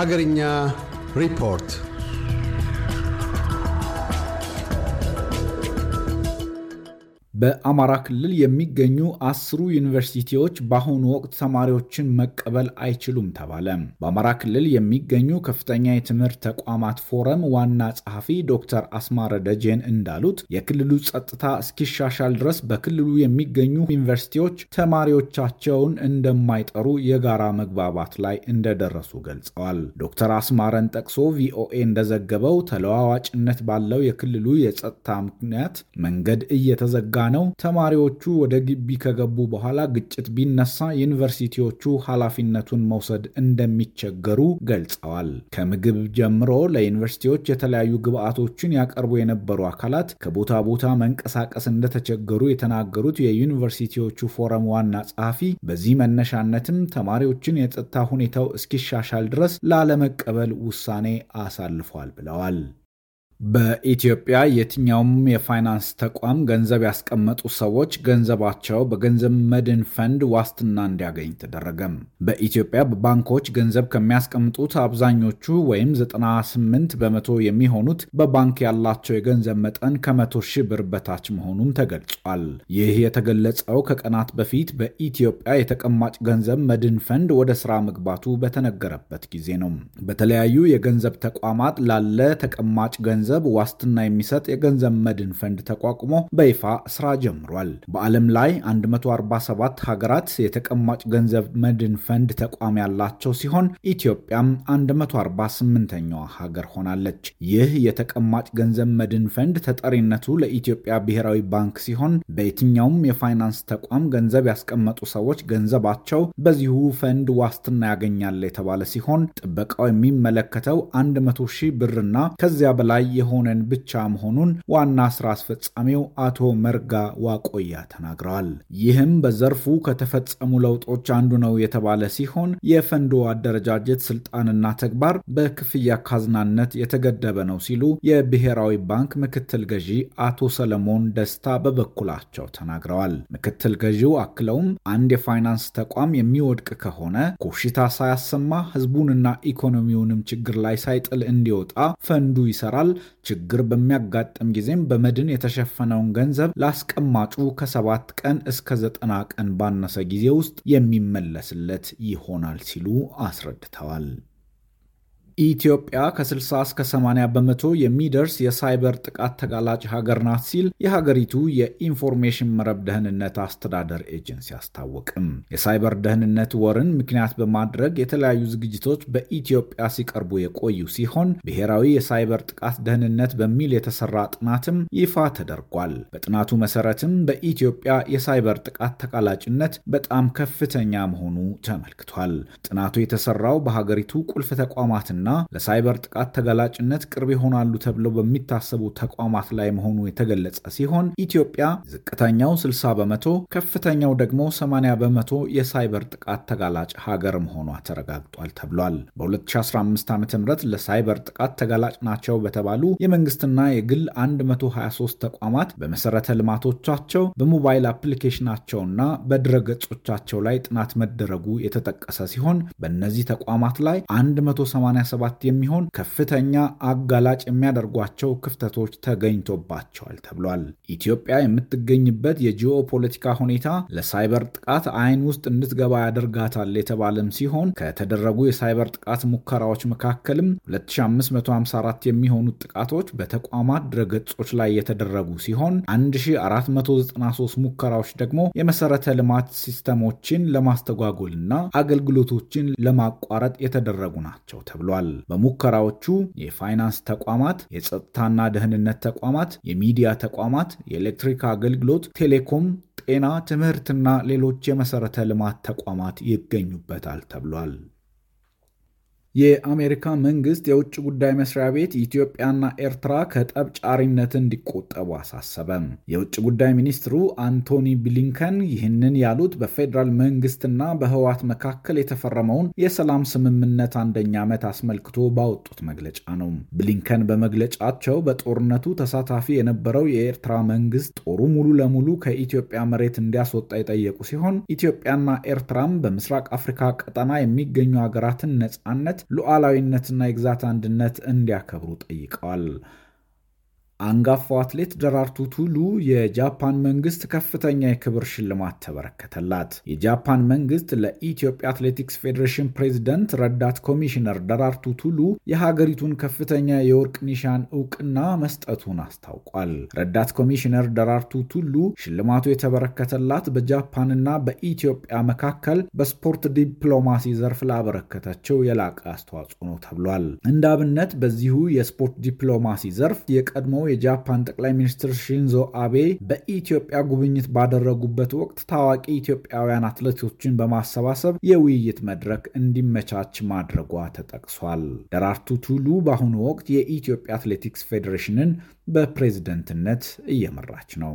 Hagernya Report በአማራ ክልል የሚገኙ አስሩ ዩኒቨርሲቲዎች በአሁኑ ወቅት ተማሪዎችን መቀበል አይችሉም ተባለ። በአማራ ክልል የሚገኙ ከፍተኛ የትምህርት ተቋማት ፎረም ዋና ጸሐፊ ዶክተር አስማረ ደጀን እንዳሉት የክልሉ ጸጥታ እስኪሻሻል ድረስ በክልሉ የሚገኙ ዩኒቨርሲቲዎች ተማሪዎቻቸውን እንደማይጠሩ የጋራ መግባባት ላይ እንደደረሱ ገልጸዋል። ዶክተር አስማረን ጠቅሶ ቪኦኤ እንደዘገበው ተለዋዋጭነት ባለው የክልሉ የጸጥታ ምክንያት መንገድ እየተዘጋ ነው። ተማሪዎቹ ወደ ግቢ ከገቡ በኋላ ግጭት ቢነሳ ዩኒቨርሲቲዎቹ ኃላፊነቱን መውሰድ እንደሚቸገሩ ገልጸዋል። ከምግብ ጀምሮ ለዩኒቨርሲቲዎች የተለያዩ ግብዓቶችን ያቀርቡ የነበሩ አካላት ከቦታ ቦታ መንቀሳቀስ እንደተቸገሩ የተናገሩት የዩኒቨርሲቲዎቹ ፎረም ዋና ጸሐፊ በዚህ መነሻነትም ተማሪዎችን የጸጥታ ሁኔታው እስኪሻሻል ድረስ ላለመቀበል ውሳኔ አሳልፏል ብለዋል። በኢትዮጵያ የትኛውም የፋይናንስ ተቋም ገንዘብ ያስቀመጡ ሰዎች ገንዘባቸው በገንዘብ መድን ፈንድ ዋስትና እንዲያገኝ ተደረገም። በኢትዮጵያ በባንኮች ገንዘብ ከሚያስቀምጡት አብዛኞቹ ወይም 98 በመቶ የሚሆኑት በባንክ ያላቸው የገንዘብ መጠን ከመቶ ሺህ ብር በታች መሆኑም ተገልጿል። ይህ የተገለጸው ከቀናት በፊት በኢትዮጵያ የተቀማጭ ገንዘብ መድን ፈንድ ወደ ስራ መግባቱ በተነገረበት ጊዜ ነው። በተለያዩ የገንዘብ ተቋማት ላለ ተቀማጭ ገንዘብ ገንዘብ ዋስትና የሚሰጥ የገንዘብ መድን ፈንድ ተቋቁሞ በይፋ ስራ ጀምሯል። በዓለም ላይ 147 ሀገራት የተቀማጭ ገንዘብ መድን ፈንድ ተቋም ያላቸው ሲሆን ኢትዮጵያም 148ኛዋ ሀገር ሆናለች። ይህ የተቀማጭ ገንዘብ መድን ፈንድ ተጠሪነቱ ለኢትዮጵያ ብሔራዊ ባንክ ሲሆን በየትኛውም የፋይናንስ ተቋም ገንዘብ ያስቀመጡ ሰዎች ገንዘባቸው በዚሁ ፈንድ ዋስትና ያገኛል የተባለ ሲሆን ጥበቃው የሚመለከተው 100 ሺህ ብርና ከዚያ በላይ የሆነን ብቻ መሆኑን ዋና ስራ አስፈጻሚው አቶ መርጋ ዋቆያ ተናግረዋል። ይህም በዘርፉ ከተፈጸሙ ለውጦች አንዱ ነው የተባለ ሲሆን የፈንዶ አደረጃጀት ስልጣንና ተግባር በክፍያ ካዝናነት የተገደበ ነው ሲሉ የብሔራዊ ባንክ ምክትል ገዢ አቶ ሰለሞን ደስታ በበኩላቸው ተናግረዋል። ምክትል ገዢው አክለውም አንድ የፋይናንስ ተቋም የሚወድቅ ከሆነ ኮሽታ ሳያሰማ ህዝቡንና ኢኮኖሚውንም ችግር ላይ ሳይጥል እንዲወጣ ፈንዱ ይሰራል፣ ችግር በሚያጋጥም ጊዜም በመድን የተሸፈነውን ገንዘብ ለአስቀማጩ ከሰባት ቀን እስከ ዘጠና ቀን ባነሰ ጊዜ ውስጥ የሚመለስለት ይሆናል ሲሉ አስረድተዋል። ኢትዮጵያ ከ60 እስከ 80 በመቶ የሚደርስ የሳይበር ጥቃት ተጋላጭ ሀገር ናት ሲል የሀገሪቱ የኢንፎርሜሽን መረብ ደህንነት አስተዳደር ኤጀንሲ አስታወቅም። የሳይበር ደህንነት ወርን ምክንያት በማድረግ የተለያዩ ዝግጅቶች በኢትዮጵያ ሲቀርቡ የቆዩ ሲሆን ብሔራዊ የሳይበር ጥቃት ደህንነት በሚል የተሰራ ጥናትም ይፋ ተደርጓል። በጥናቱ መሰረትም በኢትዮጵያ የሳይበር ጥቃት ተጋላጭነት በጣም ከፍተኛ መሆኑ ተመልክቷል። ጥናቱ የተሰራው በሀገሪቱ ቁልፍ ተቋማትና እና ለሳይበር ጥቃት ተጋላጭነት ቅርብ ይሆናሉ ተብለው በሚታሰቡ ተቋማት ላይ መሆኑ የተገለጸ ሲሆን ኢትዮጵያ ዝቅተኛው 60 በመቶ ከፍተኛው ደግሞ 80 በመቶ የሳይበር ጥቃት ተጋላጭ ሀገር መሆኗ ተረጋግጧል ተብሏል። በ2015 ዓ ም ለሳይበር ጥቃት ተጋላጭ ናቸው በተባሉ የመንግስትና የግል 123 ተቋማት በመሰረተ ልማቶቻቸው በሞባይል አፕሊኬሽናቸውና በድረገጾቻቸው ላይ ጥናት መደረጉ የተጠቀሰ ሲሆን በእነዚህ ተቋማት ላይ 187 17 የሚሆን ከፍተኛ አጋላጭ የሚያደርጓቸው ክፍተቶች ተገኝቶባቸዋል ተብሏል። ኢትዮጵያ የምትገኝበት የጂኦ ፖለቲካ ሁኔታ ለሳይበር ጥቃት አይን ውስጥ እንድትገባ ያደርጋታል የተባለም ሲሆን ከተደረጉ የሳይበር ጥቃት ሙከራዎች መካከልም 2554 የሚሆኑት ጥቃቶች በተቋማት ድረገጾች ላይ የተደረጉ ሲሆን 1493 ሙከራዎች ደግሞ የመሰረተ ልማት ሲስተሞችን ለማስተጓጎልና አገልግሎቶችን ለማቋረጥ የተደረጉ ናቸው ተብሏል። ተገልጿል። በሙከራዎቹ የፋይናንስ ተቋማት፣ የጸጥታና ደህንነት ተቋማት፣ የሚዲያ ተቋማት፣ የኤሌክትሪክ አገልግሎት፣ ቴሌኮም፣ ጤና፣ ትምህርትና ሌሎች የመሠረተ ልማት ተቋማት ይገኙበታል ተብሏል። የአሜሪካ መንግስት የውጭ ጉዳይ መስሪያ ቤት ኢትዮጵያና ኤርትራ ከጠብ ጫሪነት እንዲቆጠቡ አሳሰበም። የውጭ ጉዳይ ሚኒስትሩ አንቶኒ ብሊንከን ይህንን ያሉት በፌዴራል መንግስትና በህወሓት መካከል የተፈረመውን የሰላም ስምምነት አንደኛ ዓመት አስመልክቶ ባወጡት መግለጫ ነው። ብሊንከን በመግለጫቸው በጦርነቱ ተሳታፊ የነበረው የኤርትራ መንግስት ጦሩ ሙሉ ለሙሉ ከኢትዮጵያ መሬት እንዲያስወጣ የጠየቁ ሲሆን ኢትዮጵያና ኤርትራም በምስራቅ አፍሪካ ቀጠና የሚገኙ ሀገራትን ነጻነት ሉዓላዊነትና የግዛት አንድነት እንዲያከብሩ ጠይቀዋል። አንጋፋው አትሌት ደራርቱ ቱሉ የጃፓን መንግስት ከፍተኛ የክብር ሽልማት ተበረከተላት። የጃፓን መንግስት ለኢትዮጵያ አትሌቲክስ ፌዴሬሽን ፕሬዚደንት ረዳት ኮሚሽነር ደራርቱ ቱሉ የሀገሪቱን ከፍተኛ የወርቅ ኒሻን እውቅና መስጠቱን አስታውቋል። ረዳት ኮሚሽነር ደራርቱ ቱሉ ሽልማቱ የተበረከተላት በጃፓንና በኢትዮጵያ መካከል በስፖርት ዲፕሎማሲ ዘርፍ ላበረከተችው የላቀ አስተዋጽኦ ነው ተብሏል። እንደ አብነት በዚሁ የስፖርት ዲፕሎማሲ ዘርፍ የቀድሞው የጃፓን ጠቅላይ ሚኒስትር ሺንዞ አቤ በኢትዮጵያ ጉብኝት ባደረጉበት ወቅት ታዋቂ ኢትዮጵያውያን አትሌቶችን በማሰባሰብ የውይይት መድረክ እንዲመቻች ማድረጓ ተጠቅሷል። ደራርቱ ቱሉ በአሁኑ ወቅት የኢትዮጵያ አትሌቲክስ ፌዴሬሽንን በፕሬዝደንትነት እየመራች ነው።